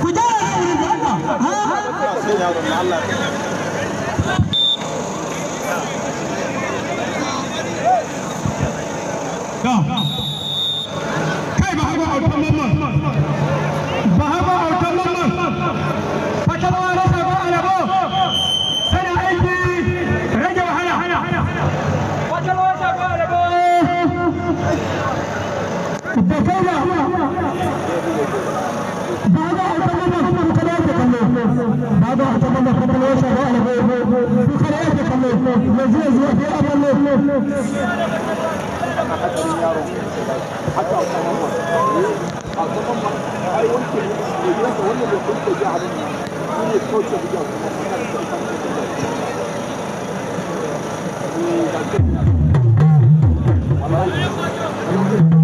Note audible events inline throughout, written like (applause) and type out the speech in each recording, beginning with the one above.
ku je wurin Allah ya zai zuwa kai aballo Thank you.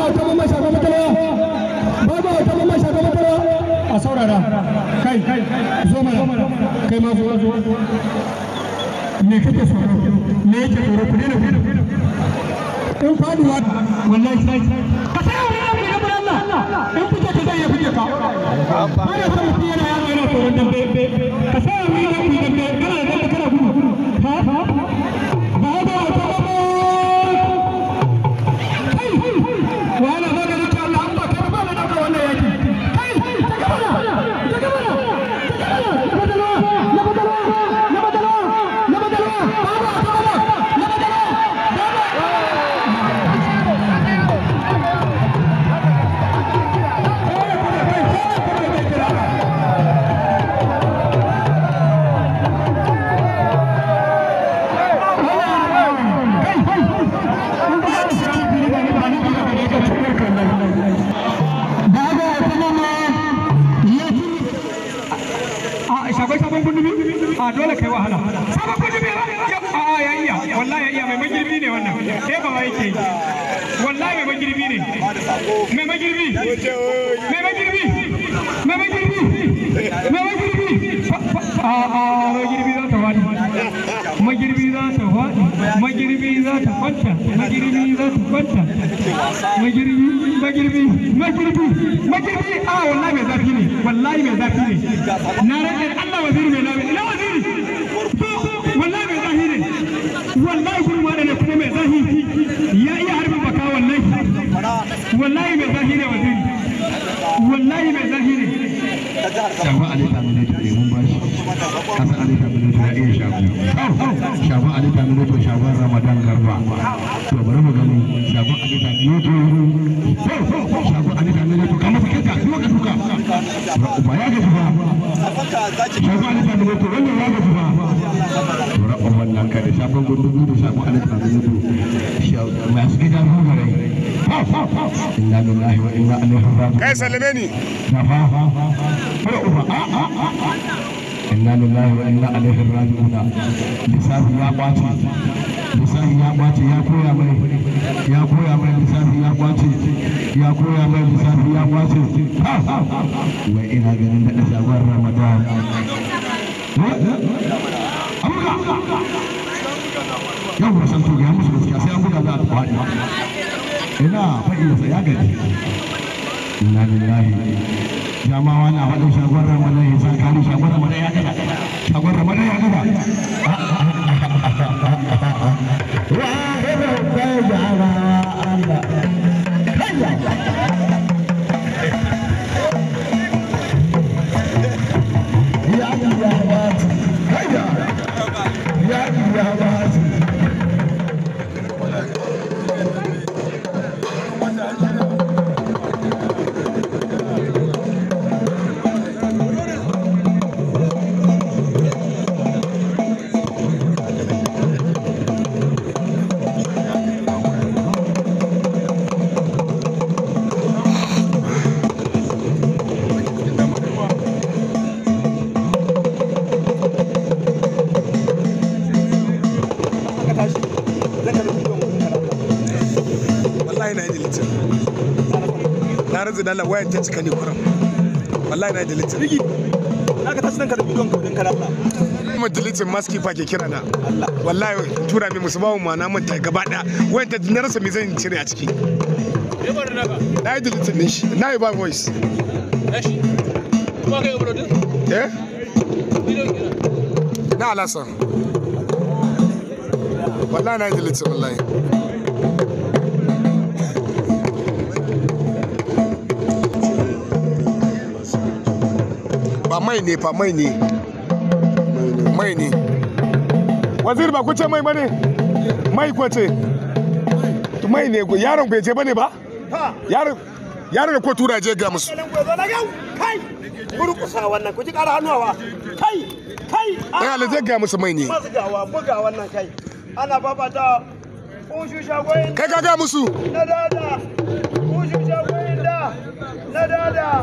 a saurara kai zo mana kai ma zo me kake tsoro me yake tsoro ku dena in faduwa wallahi sai ka sai wani abu ne gurin Allah in kuke ta zai fice ka bare ka mutum yana yaro yana tsoron dambe ka sai wani abu ne dambe kana da kana gudu ha Mama girbi. magirbi Magirbi Magirbi Magirbi Magirbi. Magirbi. Magirbi. Magirbi. shagon ramadan garba to bari mu gani shagon anita ne to shagon anita ne to kamar fikin ka kuma ka duka ba ya gaji ba shagon anita ne to wannan ya gaji ba to rabon wannan ka da shagon gundugu da shagon anita ne to masu gidan rugarai inna lillahi wa inna ilaihi raji'un kai salame ni da fa fa fa a a inna lillahi wa inna ilaihi raji'un lissafi ya kwace lissafi ya kwace ya koya mai ya koya mai lissafi ya kwace ya koya mai lissafi ya kwace wai ina ganin da ramadan yau ba san ga musu gaskiya sai an buga za ina faɗi ya gaji inna lillahi wani na faɗin shagon mana ya san kanu shagon ramadan ya kada shagon mana ya kada (laughs) dala waya ta cika ne kuran wallahi na dilitin rigi naka tashi ka da bidiyon ka din ka Allah kuma dilitin maski fa ke kira na wallahi tura mi musubawu ma na manta gaba da wayan ta na rasa me zan cire a ciki na yi dilitin ne shi na yi ba voice kuma kai bro din eh na alasan wallahi na yi dilitin wallahi mai ne fa mai ne mai ne wazir ba kuce mai bane mai kwace mai ne yaron bai je bane ba yaron yaron da ko tura je ga musu kai burkusa wannan ku ji kara hannuwa kai kai eh la je ga musu mai ne bugawa buga wannan kai ana babata ushu shagoyin kai ka ga musu na dada ushu shagoyin da na dada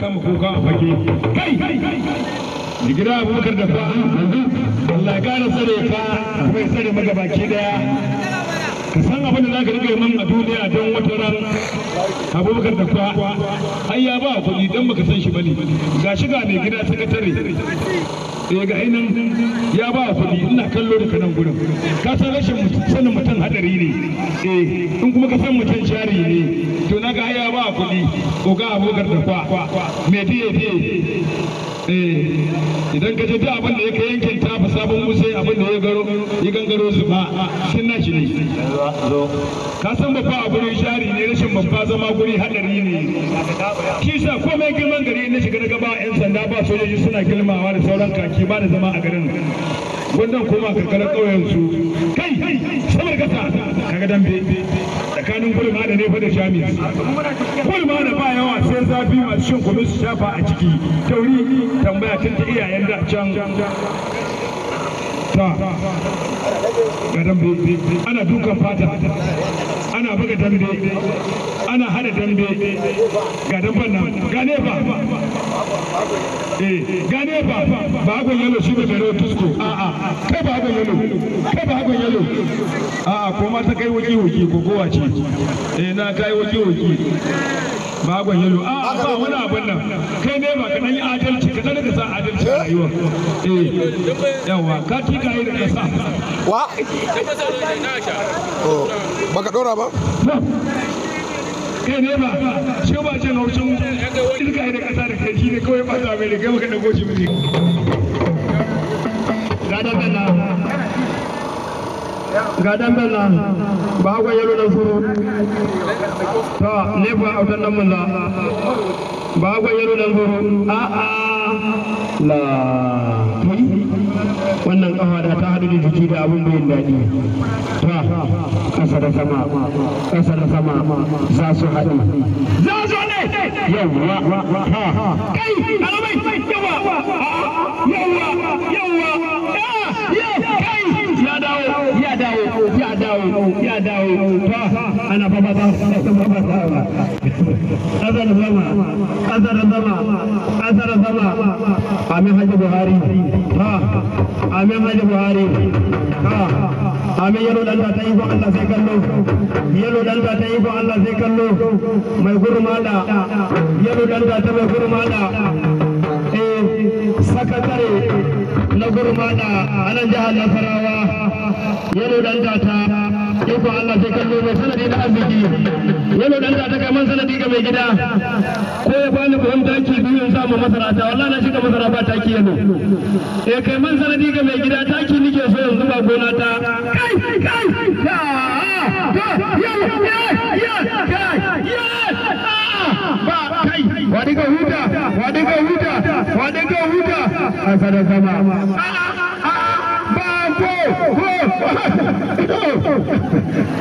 kama kuka a fage abubakar da Allah ya kara tsare ka kuma ya tsare maka baki daya ka san abin da za ka riga min a duniya don wata ran abubakar da kwa ai ya ba kuɗi don baka san shi bane ga shi ga mai gida sakatare eh ga ainihin ya ba kuɗi ina kallo da kanan gurin ka san rashin sanin mutum hadari ne eh in kuma ka san mutum shari ne to na ga ya ba kuɗi ko ga abubakar da kwa mai biye biye eh idan ka je duk abin da ya kai yanke sabon musai abin da ya garo ya gangaro su ba sun nashi ne ka san babba a gurin shari ne rashin babba zama guri hadari ne kisa komai girman gari na shiga na gaba yan sanda ba sojoji suna girmawa da sauran kaki ba da zama a garin wannan kuma karkarar ƙauyen su kai samar kasa kaga dambe tsakanin gulma da nefa da shami gulma da ba yawa sai zafi masu shan kuma su shafa a ciki tauri tambaya tun ta iyayen da can ta ga dambe ana dukan fata ana buga dambe ana hada dambe ga nan gane ba eh, gane ba ba agon yalo shi tusko kai ba agon yalo kai ba agon yalo ko ma ta kai ko eh na kai bagon yalo a ba wani abun nan kai ne ba ka dan yi adalci ka dan ka sa adalci a rayuwa eh yawa ka ti ka yi da kasa wa oh. Oh. ba ka dora ba kai ne ba shi ba ce haushin irka yi da kasa da kai shi ne kawai ba ta mai da kai baka dago shi mutum da da da ga damben na ba hagwa yalo na suru to ne fa autan nan mun ba hagwa yalo na suru a a la wannan kafa da ta hadu da jiki da abin bai daɗi ta kasa da sama ƙasa da sama za su haɗu za su haɗu yawwa kai alamai yawwa yawwa yawwa ya zama amin buhari ha amin buhari ha amin ta ko Allah sai kallo ta ko Allah sai kallo mai ta mai eh, na gurmana a nan jihar nasarawa yalo dan gata iko Allah sai kallo mai sanadi arziki yalo dan gata kai man sanadi ga mai gida ko ya bani buhun taki biyu in samu masara ta wallahi na shiga masara ba taki yalo eh kai man sanadi ga mai gida taki nike so yanzu ba gona ta kai kai ba kai huta wadiga huta huta ƙasa da sama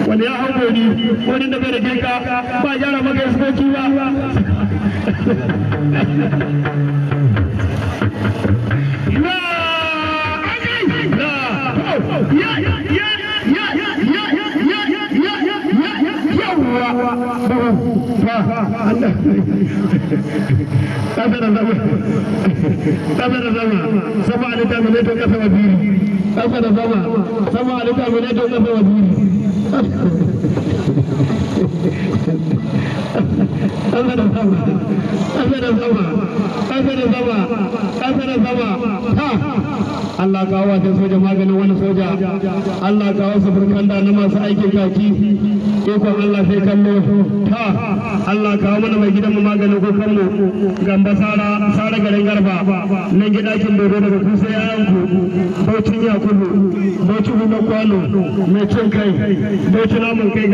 wani ya hango ni wani da bai da ba gyara maka iskoki ba Yeah, yeah, yeah. tabara zama sama ne zama zama zama zama ha Allah kawo ta soja maganin wani soja Allah kawo su burkanda na masu aikin kaki ikon Allah sai kallo ta Allah kawo mana mai gidan mu maganin ko mu gamba sara sara garin garba nan gidakin dodo daga kusa ayan ku baucin yakubu baucin na kwano mai cin kai baucin namun kai